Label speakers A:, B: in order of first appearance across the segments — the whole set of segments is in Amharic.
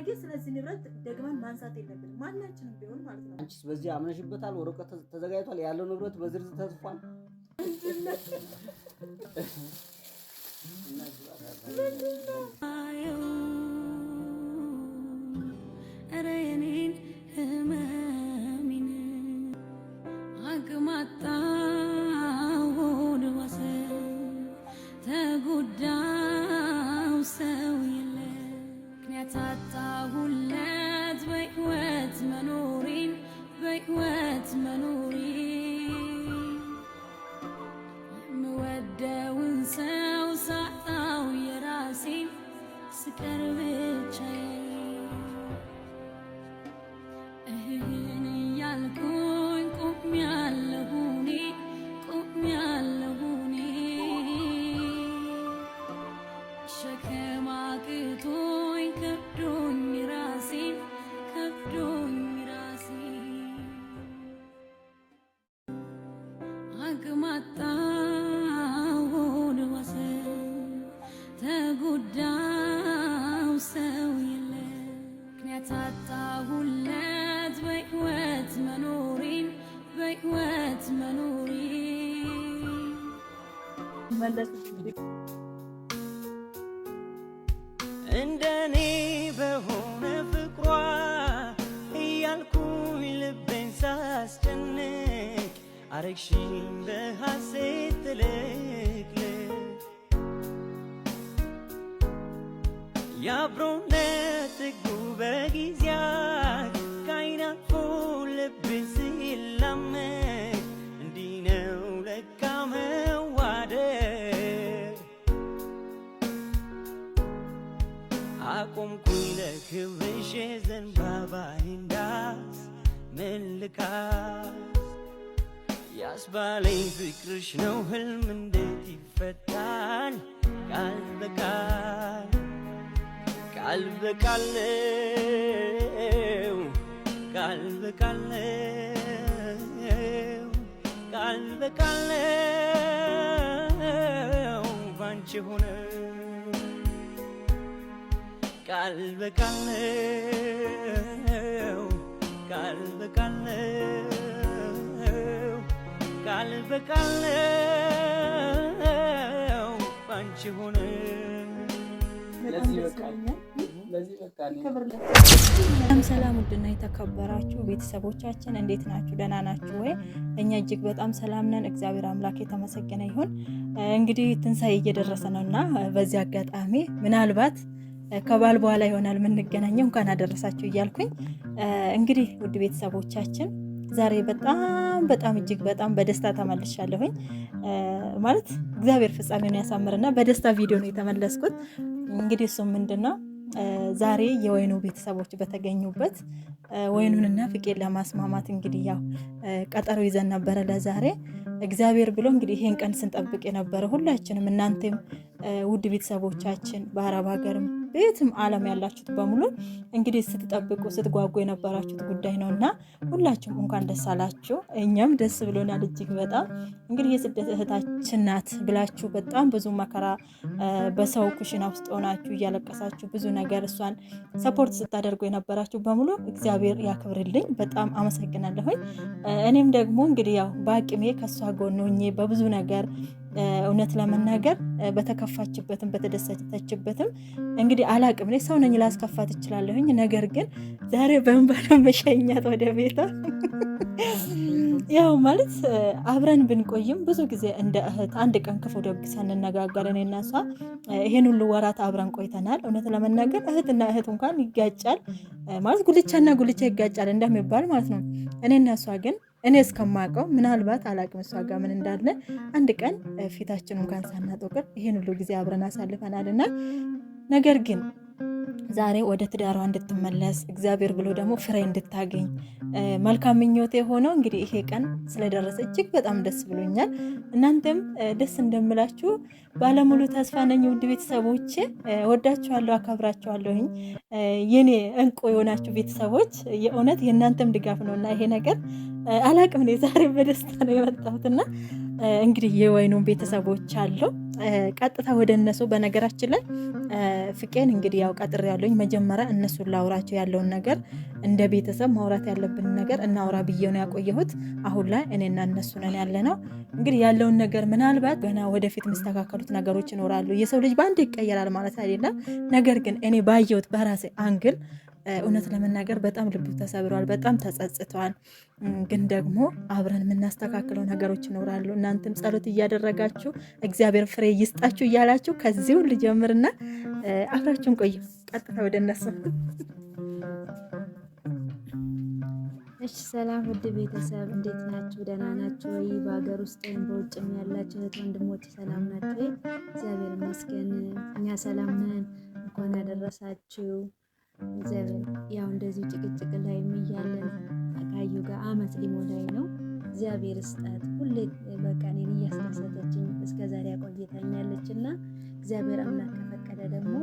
A: ነገ ስለዚህ ንብረት ደግመን ማንሳት የለብን ማናችንም ቢሆን ማለት ነው።
B: አንቺስ በዚህ አምነሽበታል? ወረቀት ተዘጋጅቷል፣ ያለው ንብረት በዝርዝር ተጽፏል።
A: ኧረ የኔን ህመሜን ሰው ታጣሁለት በሕይወት መኖሬን በሕይወት መኖሬን
C: እንደኔ በሆነ ፍቅሯ እያልኩኝ ልቤን ሳስጨንቅ አረግሽኝ በሐሴት ትልቅልቅ የአብሮነት ጥጉ በጊዜያት ከአይን ክብሽ ዘንባባ እንዳስ መልካስ ያስባለኝ ፍቅርሽ ነው ህልም እንዴት ይፈታል? ቃል በቃል ቃል በቃል ቃል በቃል ቃል በቃል ባንቺ ሆነ ቃል በቃል ነው ቃል በቃል ነው ቃል በቃል ነው ባንቺ ሆነ።
A: ሰላም ሰላም፣ ውድና የተከበራችሁ ቤተሰቦቻችን እንዴት ናችሁ? ደህና ናችሁ ወይ? እኛ እጅግ በጣም ሰላም ነን። እግዚአብሔር አምላክ የተመሰገነ ይሁን። እንግዲህ ትንሣኤ እየደረሰ ነው እና በዚህ አጋጣሚ ምናልባት ከባል በኋላ ይሆናል የምንገናኘው። እንኳን አደረሳችሁ እያልኩኝ እንግዲህ ውድ ቤተሰቦቻችን ዛሬ በጣም በጣም እጅግ በጣም በደስታ ተመልሻለሁኝ። ማለት እግዚአብሔር ፍጻሜውን ያሳምርና በደስታ ቪዲዮ ነው የተመለስኩት። እንግዲህ እሱም ምንድን ነው ዛሬ የወይኑ ቤተሰቦች በተገኙበት ወይኑንና ፍቄን ለማስማማት እንግዲህ ያው ቀጠሮ ይዘን ነበረ ለዛሬ እግዚአብሔር ብሎ እንግዲህ ይሄን ቀን ስንጠብቅ የነበረ ሁላችንም እናንተም ውድ ቤተሰቦቻችን በአረብ ሀገርም በየትም ዓለም ያላችሁት በሙሉ እንግዲህ ስትጠብቁ ስትጓጉ የነበራችሁት ጉዳይ ነው እና ሁላችሁም እንኳን ደስ አላችሁ። እኛም ደስ ብሎናል እጅግ በጣም እንግዲህ የስደት እህታችን ናት ብላችሁ በጣም ብዙ መከራ በሰው ኩሽና ውስጥ ሆናችሁ እያለቀሳችሁ ብዙ ነገር እሷን ሰፖርት ስታደርጉ የነበራችሁ በሙሉ እግዚአብሔር ያክብርልኝ። በጣም አመሰግናለሁኝ። እኔም ደግሞ እንግዲህ ያው በአቅሜ ከእሷ ጎን ሆኜ በብዙ ነገር እውነት ለመናገር በተከፋችበትም በተደሰተችበትም እንግዲህ አላቅም ሰው ነኝ ላስከፋት እችላለሁኝ። ነገር ግን ዛሬ በእንባ መሸኛት ወደ ቤቷ። ያው ማለት አብረን ብንቆይም ብዙ ጊዜ እንደ እህት አንድ ቀን ክፉ ደግ ሳንነጋገር እኔና እሷ ይሄን ሁሉ ወራት አብረን ቆይተናል። እውነት ለመናገር እህትና እህት እንኳን ይጋጫል ማለት ጉልቻና ጉልቻ ይጋጫል እንደሚባል ማለት ነው። እኔ እሷ ግን እኔ እስከማውቀው ምናልባት አላቅም እሷ ጋር ምን እንዳለ። አንድ ቀን ፊታችን እንኳን ሳናጠው ይሄን ሁሉ ጊዜ አብረን አሳልፈናልና ነገር ግን ዛሬ ወደ ትዳሯ እንድትመለስ እግዚአብሔር ብሎ ደግሞ ፍሬ እንድታገኝ መልካም ምኞቴ ሆነው እንግዲህ ይሄ ቀን ስለደረሰ እጅግ በጣም ደስ ብሎኛል። እናንተም ደስ እንደምላችሁ ባለሙሉ ተስፋ ነኝ። ውድ ቤተሰቦች ወዳችኋለሁ፣ አከብራችኋለሁኝ። የኔ እንቁ የሆናችሁ ቤተሰቦች የእውነት የእናንተም ድጋፍ ነው እና ይሄ ነገር አላቅም። ዛሬ በደስታ ነው የመጣሁትና እንግዲህ የወይኑን ቤተሰቦች አለው ቀጥታ ወደ እነሱ በነገራችን ላይ ፍቄን እንግዲህ ያው ቀጥር ያለኝ መጀመሪያ እነሱን ላውራቸው ያለውን ነገር እንደ ቤተሰብ ማውራት ያለብን ነገር እናውራ ብዬ ነው ያቆየሁት። አሁን ላይ እኔና እነሱ ነን ያለ ነው እንግዲህ ያለውን ነገር ምናልባት ገና ወደፊት የሚስተካከሉት ነገሮች ይኖራሉ። የሰው ልጅ በአንድ ይቀየራል ማለት አይደለም። ነገር ግን እኔ ባየሁት በራሴ አንግል እውነት ለመናገር በጣም ልቡ ተሰብረዋል፣ በጣም ተጸጽተዋል። ግን ደግሞ አብረን የምናስተካክለው ነገሮች ይኖራሉ። እናንተም ጸሎት እያደረጋችሁ እግዚአብሔር ፍሬ ይስጣችሁ እያላችሁ ከዚሁ ልጀምርና አብራችሁን ቆዩ። ቀጥታ ወደ እነሱ እሺ ሰላም ውድ ቤተሰብ እንዴት ናችሁ? ደህና ናችሁ ወይ? በሀገር ውስጥ ወይም በውጭም ያላችሁ እህት ወንድሞች ሰላም ናችሁ እግዚአብሔር ይመስገን እኛ ሰላም ነን። እንኳን ያደረሳችሁ ዘበን ያው እንደዚሁ ጭቅጭቅ ላይ የሚያለን አካዩ ጋር አመት ሊሞ ላይ ነው። እግዚአብሔር ስጣት ሁሌ በቃ እኔን እያስደሰተችኝ እስከዛሬ አቆይታኛለች እና እግዚአብሔር አምላክ ከፈቀደ ደግሞ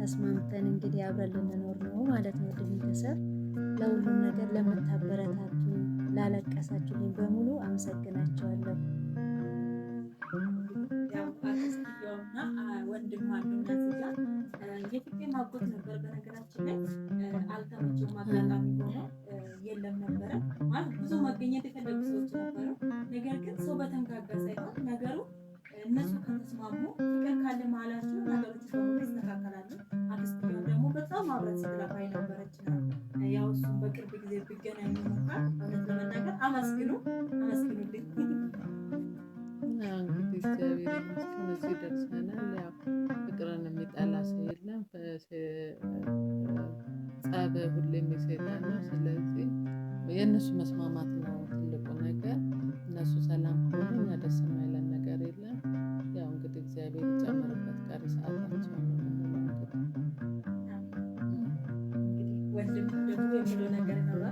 A: ተስማምተን እንግዲህ አብረን ልንኖር ነው ማለት ነው። ውድ ቤተሰብ ለሁሉም ነገር ለምታበረታቱ ላለቀሳችሁ በሙሉ አመሰግናቸዋለሁ። አጎት ነበር። በነገራችን ላይ አልተመቸውም። አጋጣሚ ሆኖ የለም ነበረ ማለት ብዙ መገኘት የፈለጉ ሰዎች ነበሩ። ነገር ግን ሰው በተንጋጋ ሳይሆን ነገሩ እነሱ ከተስማሙ ፍቅር ካለ መሀላቸው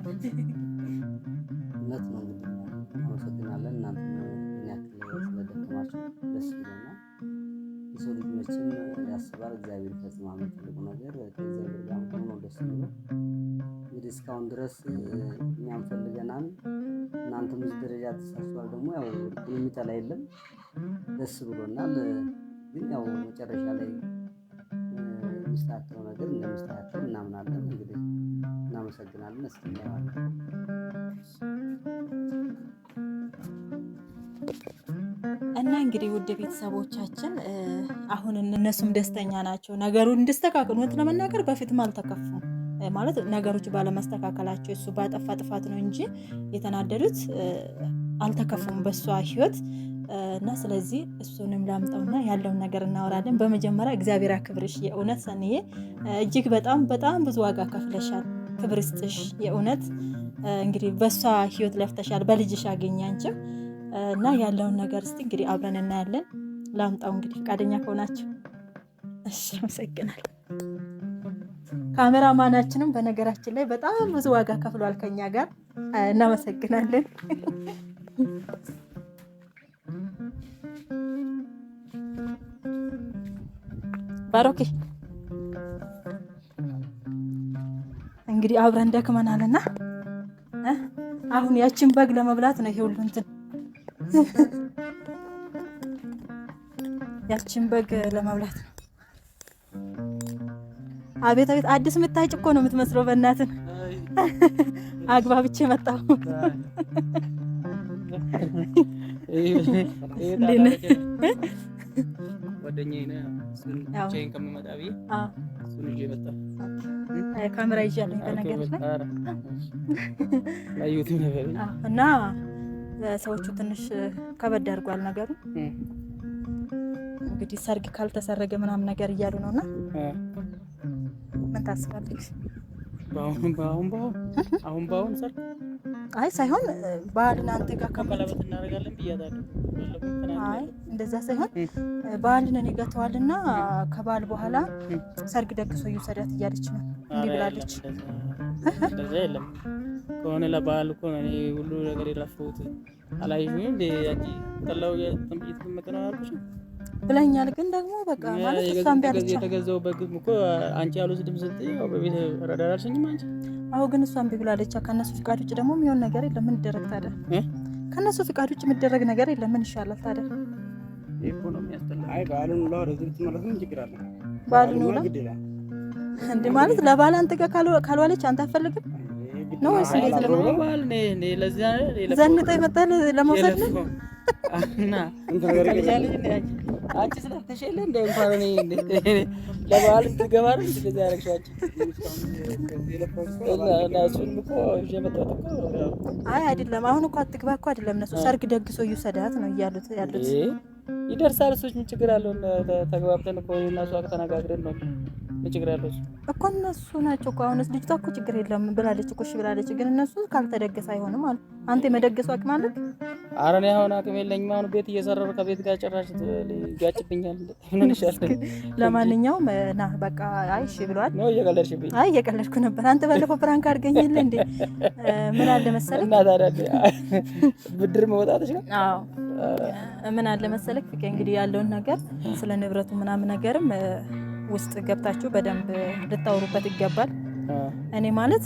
A: እውነት
D: ነው። እንግዲህ አመሰግናለን። እናንተ ምን የሰው ልጅ መቼም ያስባል፣ እግዚአብሔር ፈጽማ የሚፈልጉ ነገር ከእግዚአብሔር ጋር መሆኑ ደስ የሚለው። እንግዲህ እስካሁን ድረስ እኛም ፈልገናል፣ እናንተም እዚህ ደረጃ ተሳስቷል። ደግሞ ያው የሚጠላ የለም፣ ደስ ብሎናል። ግን ያው መጨረሻ ላይ የሚስተካከለው ነገር እንደሚስተካከል እናምናለን። እንግዲህ እናመሰግናለን።
A: እና እንግዲህ ውድ ቤተሰቦቻችን አሁን እነሱም ደስተኛ ናቸው። ነገሩ እንዲስተካከል እውነት ለመናገር በፊትም አልተከፉም ማለት ነገሮች ባለመስተካከላቸው እሱ ባጠፋ ጥፋት ነው እንጂ የተናደዱት አልተከፉም በእሷ ህይወት እና ስለዚህ እሱንም ላምጠውና ያለውን ነገር እናወራለን። በመጀመሪያ እግዚአብሔር አክብርሽ። የእውነት ሰንዬ እጅግ በጣም በጣም ብዙ ዋጋ ከፍለሻል። ክብር ስጥሽ። የእውነት እንግዲህ በእሷ ህይወት ለፍተሻል። በልጅሽ አገኛንችም እና ያለውን ነገር እስቲ እንግዲህ አብረን እናያለን። ላምጣው እንግዲህ ፈቃደኛ ከሆናችሁ። እሺ፣ አመሰግናል። ካሜራማናችንም በነገራችን ላይ በጣም ብዙ ዋጋ ከፍሏል ከኛ ጋር። እናመሰግናለን። አሮኬ እንግዲህ አብረን ደክመናልና አሁን ያችን በግ ለመብላት ነው ይሄ ሁሉ እንትን ያችን በግ ለመብላት ነው። አቤት አቤት፣ አዲስ የምታጭ እኮ ነው የምትመስለው። በእናትን አግባብቼ መጣሁ። እንዴት
D: ነህ? ብቻዬን ከምመጣ ብዬ እሱን ይዤ መጣሁ።
A: ካሜራ ይዣለሁ በነገር ነበር እና ሰዎቹ ትንሽ ከበድ አድርጓል ነገሩ። እንግዲህ ሰርግ ካልተሰረገ ምናምን ነገር እያሉ ነው እና ምን ታስባለች?
D: በአሁን በአሁን አሁን በአሁን ሰርግ
A: አይ ሳይሆን በዓልን አንተ ጋር
D: ከቀለበት እናደርጋለን ብያታለሁ።
A: አይ እንደዛ ሳይሆን በዓልን ነን ይገተዋልና ከበዓል በኋላ ሰርግ ደግሶ ይውሰዳት እያለች ነው። እንዲህ ብላለች። እንደዛ የለም
D: ከሆነ ለበዓል እኮ እኔ ሁሉ ነገር የላፈሁት አላየሽም እንደ ጠላው ጥምጥም መጠና አልኩሽ
A: ብለኛል ግን ደግሞ በቃ ማለት እሷን ቢያለች
D: የተገዛው በግ እኮ አንቺ ያሉት ድምፅ በቤት ረዳዳልሽኝም አንቺ
A: አሁ ግን እሷን ቢብላለቻ ከእነሱ ፍቃድ ውጭ ደግሞ የሚሆን ነገር የለም። ምን ይደረግ ታዲያ? ከእነሱ ፍቃድ ውጭ የሚደረግ ነገር የለም። ምን ይሻላል ታዲያ? ባሉን ማለት ለባል አንተ ጋር ካልዋለች አንተ አፈልግም ነው ወይስ እንዴት? ዘንጠ ይመጣል ለመውሰድ ነው
D: አንቺ የለ እንደ እንኳን እኔ ለበዓል ትገባ አይደል? ያደረግሻቸው እሱን እኮ ይዤ መጣሁት እኮ።
A: አይ አይደለም፣ አሁን እኮ አትግባ እኮ አይደለም። እነሱ ሰርግ ደግሶ እየወሰዳት ነው እያሉት ያሉት።
D: ይደርሳል። እሱ ምን ችግር አለው? ተግባብተን እኮ እና እሷ ተነጋግረን ነው ችግር አለች
A: እኮ እነሱ ናቸው እኮ አሁንስ ልጅቷ እኮ ችግር የለም ብላለች እኮ እሺ ብላለች፣ ግን እነሱ ካልተደገሰ አይሆንም አሉ። አንተ የመደገሱ አቅም አለ?
D: ኧረ እኔ አሁን አቅም የለኝም። አሁን ቤት እየሰራሁ ከቤት ጋር ጭራሽ ይጋጭብኛል። ምን ይሻላል?
A: ለማንኛውም ና በቃ። አይ እሺ ብሏል
D: ነው። እየቀለድሽብኝ።
A: አይ እየቀለድኩ ነበር። አንተ ባለፈው ፕራንክ አድርገኝ የለ እንዴ? ምን አለ መሰለህ
D: እና ታዲያ ብድር መውጣትሽ ነው። አዎ
A: ምን አለ መሰለህ ፍቄ እንግዲህ ያለውን ነገር ስለ ንብረቱ ምናምን ነገርም ውስጥ ገብታችሁ በደንብ ልታወሩበት ይገባል። እኔ ማለት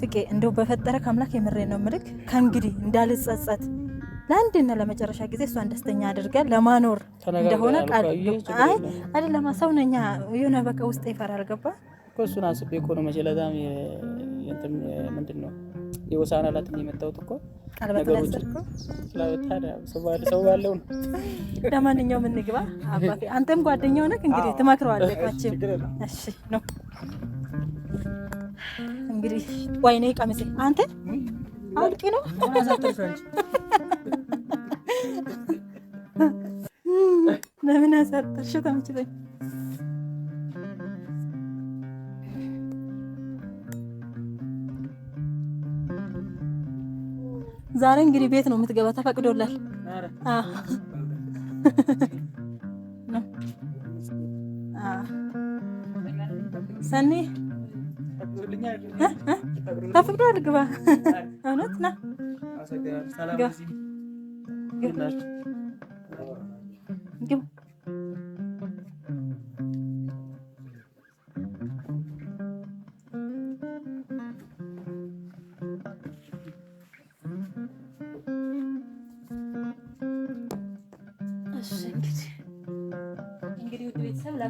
A: ፍቄ እንደው በፈጠረ ከአምላክ የምሬ ነው ምልክ ከእንግዲህ እንዳልጸጸት ለአንድና ለመጨረሻ ጊዜ እሷን ደስተኛ አድርገን ለማኖር እንደሆነ ቃል አይ አይደለም፣ ሰው ነኛ የሆነ በቃ ውስጥ ይፈራል። ገባ
D: እሱን አስቤ እኮ ነው መቼ ለዛም ምንድን ነው የወሳና ላት የመጣሁት እኮ ሰው ባለው ነው።
A: ለማንኛውም እንግባ አባቴ፣ አንተም ጓደኛው ነህ እንግዲህ ትመክረዋለህ። እሺ ነው እንግዲህ። ዋይኔ ቀሚሴ አንተ አውልቂ ነው ለምን አሳጠርሽ? ተምችቶኝ ዛሬ እንግዲህ ቤት ነው የምትገባ፣ ተፈቅዶላል። ሰኒ ተፈቅዶል፣ ግባ። እውነት ና ግባ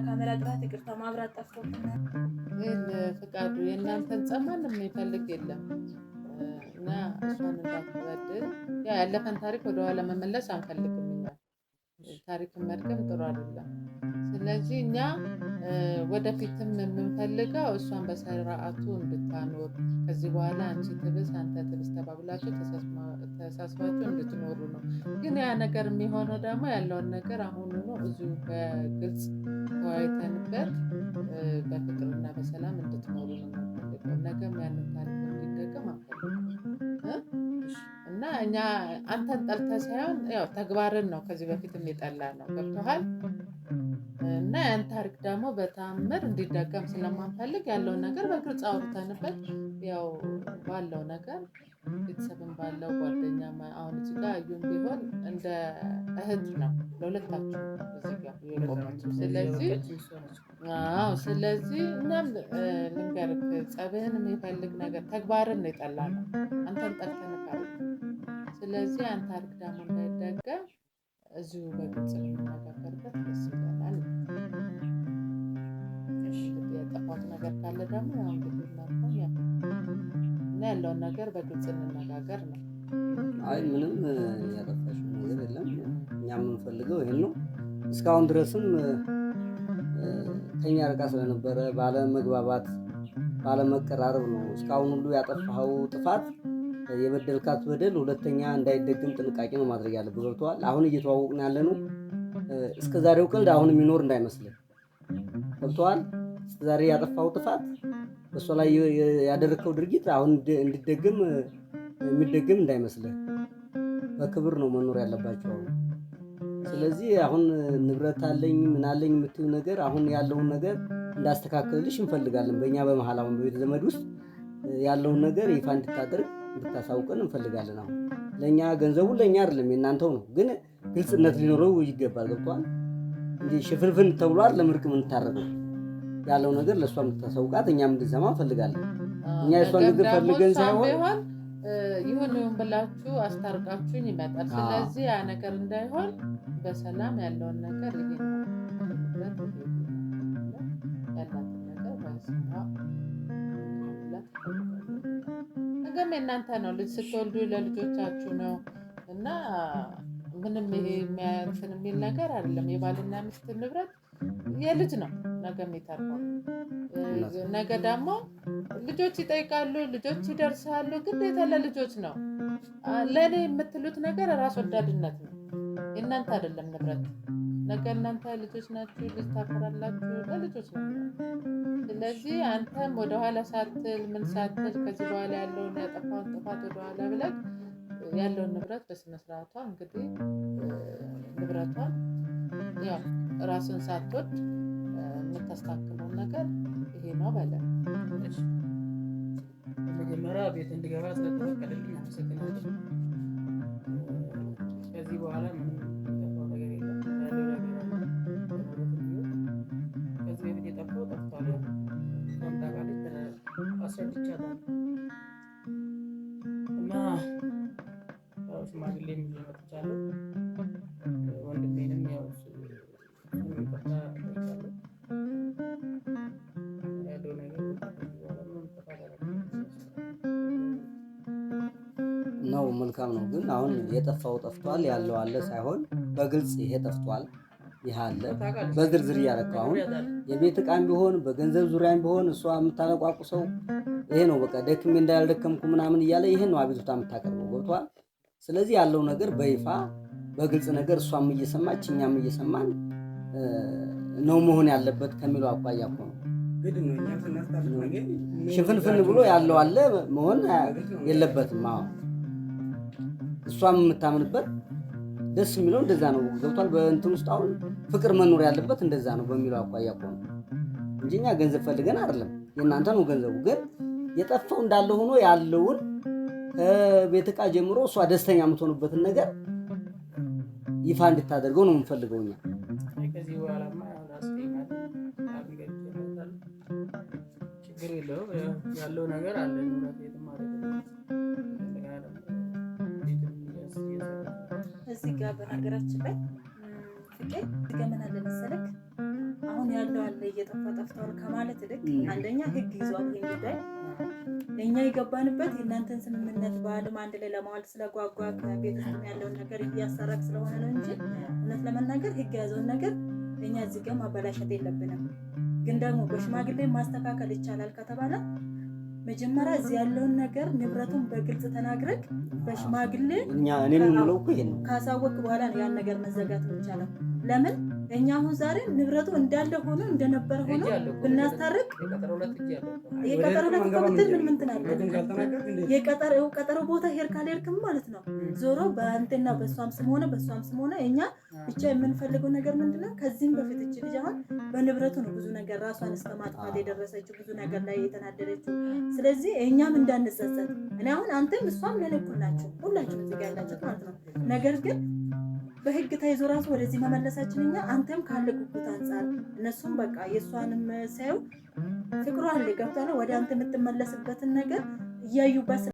A: ካሜራ ጥራት ይቅርታ፣ ማብራት ጠፍቶብናል።
E: ግን ፍቃዱ የእናንተን ጸማን የሚፈልግ የለም እና እሷን እንዳትበድል ያለፈን ታሪክ ወደኋላ መመለስ አንፈልግም። ታሪክን መድገም ጥሩ አይደለም። ስለዚህ እኛ ወደፊትም የምንፈልገው እሷን በስርዓቱ እንድታኖር ከዚህ በኋላ አንቺ ትብስ አንተ ትብስ ተባብላችሁ ተሳስባችሁ እንድትኖሩ ነው። ግን ያ ነገር የሚሆነው ደግሞ ያለውን ነገር ነው እዚሁ በግልጽ ተወያይተንበት በፍቅርና በሰላም እንድትኖሩ ነው ነገም ያንን ታሪክ እንዲደገም እና እኛ አንተን ጠልተ ሳይሆን ያው ተግባርን ነው ከዚህ በፊት የጠላ ነው ገብቶሃል። እና ያን ታሪክ ደግሞ በተአምር እንዲደገም ስለማንፈልግ ያለውን ነገር በግልጽ አውርተንበት ያው ባለው ነገር ቤተሰብን ባለው ጓደኛ አሁን እዚህ ጋር እዩም ቢሆን እንደ እህት ነው ለሁለታችሁ ስለዚህ ስለዚህ እናም ልንገርህ ጸብህን የሚፈልግ ነገር ተግባርን ነው የጠላ ነው አንተን ጠርተንካል ስለዚህ ያን ታሪክ ደግሞ እንዳይደገም እዚሁ በግልጽ የምንነጋገርበት ደስ ይለናል። የጠፋት ነገር ካለ ደግሞ ያው እና ያለውን ነገር በግልጽ እንነጋገር ነው።
D: አይ ምንም ያጠፋሽ ነገር የለም። እኛ የምንፈልገው ይሄን ነው። እስካሁን ድረስም ከኛ ርቃ ስለነበረ ባለመግባባት፣ ባለመቀራረብ ነው እስካሁን ሁሉ ያጠፋኸው ጥፋት የበደልካት በደል ሁለተኛ እንዳይደግም ጥንቃቄ ነው ማድረግ ያለብህ። ገብቶሃል? አሁን እየተዋወቅን ያለ ነው። እስከ ዛሬው ቀልድ አሁን የሚኖር እንዳይመስልህ። ገብቶሃል? እስከ ዛሬ ያጠፋው ጥፋት፣ በእሷ ላይ ያደረግከው ድርጊት አሁን እንዲደግም የሚደግም እንዳይመስልህ። በክብር ነው መኖር ያለባቸው። ስለዚህ አሁን ንብረት አለኝ ምናለኝ የምትዩ ነገር አሁን ያለውን ነገር እንዳስተካከልልሽ እንፈልጋለን። በእኛ በመሀል አሁን በቤተ ዘመድ ውስጥ ያለውን ነገር ይፋ እንድታደርግ ብታሳውቀን እንፈልጋለን። አሁን ለእኛ ገንዘቡ ለእኛ አይደለም የእናንተው ነው፣ ግን ግልጽነት ሊኖረው ይገባል። ገብቷል። እንዲህ ሽፍንፍን ተብሎ አይደለም እርቅ ያለው ነገር ለእሷ የምታሳውቃት እኛም እንድንሰማ እንፈልጋለን።
E: እኛ የእሷ ንግር ፈልገን ሳይሆን ይሁን ይሁን ብላችሁ አስታርቃችሁኝ ይመጣል። ስለዚህ ያ ነገር እንዳይሆን በሰላም ያለውን ነገር ይሄ መርገም የእናንተ ነው። ልጅ ስትወልዱ ለልጆቻችሁ ነው እና ምንም የሚያንስን የሚል ነገር አይደለም። የባልና ሚስት ንብረት የልጅ ነው። ነገም የሚተርፈው ነገ ደግሞ ልጆች ይጠይቃሉ፣ ልጆች ይደርሳሉ። ግዴታ ለልጆች ነው። ለእኔ የምትሉት ነገር ራስ ወዳድነት ነው። የእናንተ አይደለም ንብረት ነገ እናንተ ልጆች ናችሁ፣ ልጅ ታፈራላችሁ፣ ለልጆች ናቸው። ስለዚህ አንተም ወደኋላ ሳትል ምን ሳትል ከዚህ በኋላ ያለውን ያጠፋውን ጥፋት ወደኋላ ብለህ ያለውን ንብረት በስነስርዓቷ እንግዲህ ንብረቷን ያው ራስን ሳትወድ የምታስታክመውን ነገር ይሄ ነው በለ።
D: መጀመሪያ ቤት እንድገባ ስለተፈቀደልኝ አመሰግናለሁ። ከዚህ በኋላ ነው መልካም ነው። ግን አሁን የጠፋው ጠፍቷል ያለው አለ ሳይሆን በግልጽ ይሄ ጠፍቷል ይህ አለ በዝርዝር እያረከው አሁን የቤት እቃም ቢሆን በገንዘብ ዙሪያም ቢሆን እሷ የምታለቋቁ ሰው ይሄ ነው በቃ ደክሜ እንዳልደከምኩ ምናምን እያለ ይሄን ነው አቤቱታ የምታቀርበው። ገብቷል። ስለዚህ ያለው ነገር በይፋ በግልጽ ነገር እሷም እየሰማች እኛም እየሰማን ነው መሆን ያለበት ከሚለው አኳያ እኮ ነው። ሽፍንፍን ብሎ ያለው አለ መሆን የለበትም። አዎ እሷም የምታምንበት ደስ የሚለው እንደዛ ነው። ገብቷል። በእንትን ውስጥ አሁን ፍቅር መኖር ያለበት እንደዛ ነው በሚለው አኳያ እኮ ነው እንጂ እኛ ገንዘብ ፈልገን አይደለም። የእናንተ ነው ገንዘቡ ግን የጠፋው እንዳለ ሆኖ ያለውን ቤት ዕቃ ጀምሮ እሷ ደስተኛ የምትሆንበትን ነገር ይፋ እንድታደርገው ነው የምንፈልገው እኛ ያለው ነገር
A: እዚህ ጋር በነገራችን ላይ ፍቅር ገመና ለመሰለክ አሁን ያለው አለ እየጠፋ ጠፍተዋል ከማለት ልክ አንደኛ ህግ ይዟል ይሄ ጉዳይ እኛ የገባንበት የእናንተን ስምምነት በአለም አንድ ላይ ለማዋል ስለጓጓ ቤት ውስጥ ያለውን ነገር እያሰራቅ ስለሆነ ነው እንጂ እውነት ለመናገር ህግ የያዘውን ነገር እኛ እዚህ ጋር ማበላሸት የለብንም። ግን ደግሞ በሽማግሌ ማስተካከል ይቻላል ከተባለ መጀመሪያ እዚህ ያለውን ነገር ንብረቱን በግልጽ ተናግረግ በሽማግሌ ካሳወቅ በኋላ ያን ነገር መዘጋት ይቻላል። ለምን እኛ አሁን ዛሬ ንብረቱ እንዳለ ሆኖ እንደነበረ ሆኖ ብናስታርቅ የቀጠሮ ዕለት ከምትል ምን ምንትን አለ የቀጠሮ ቦታ ሄር ካልሄድክም ማለት ነው። ዞሮ በአንተና በእሷም ስም ሆነ በእሷም ስም ሆነ እኛ ብቻ የምንፈልገው ነገር ምንድነው? ከዚህም በፊት እች ልጅ አሁን በንብረቱ ነው ብዙ ነገር ራሷን እስከ ማጥፋት የደረሰችው ብዙ ነገር ላይ የተናደደችው። ስለዚህ እኛም እንዳንጸጸት እኔ አሁን አንተም እሷም ለንኩል ናቸው ሁላችሁ ያላቸው ማለት ነው ነገር ግን በህግ ተይዞ ራሱ ወደዚህ መመለሳችን እኛ አንተም ካለ ጉጉት አንጻር እነሱም በቃ የእሷንም ሳየው ፍቅሯ አለ ገብቷል። ወደ አንተ የምትመለስበትን ነገር እያዩበት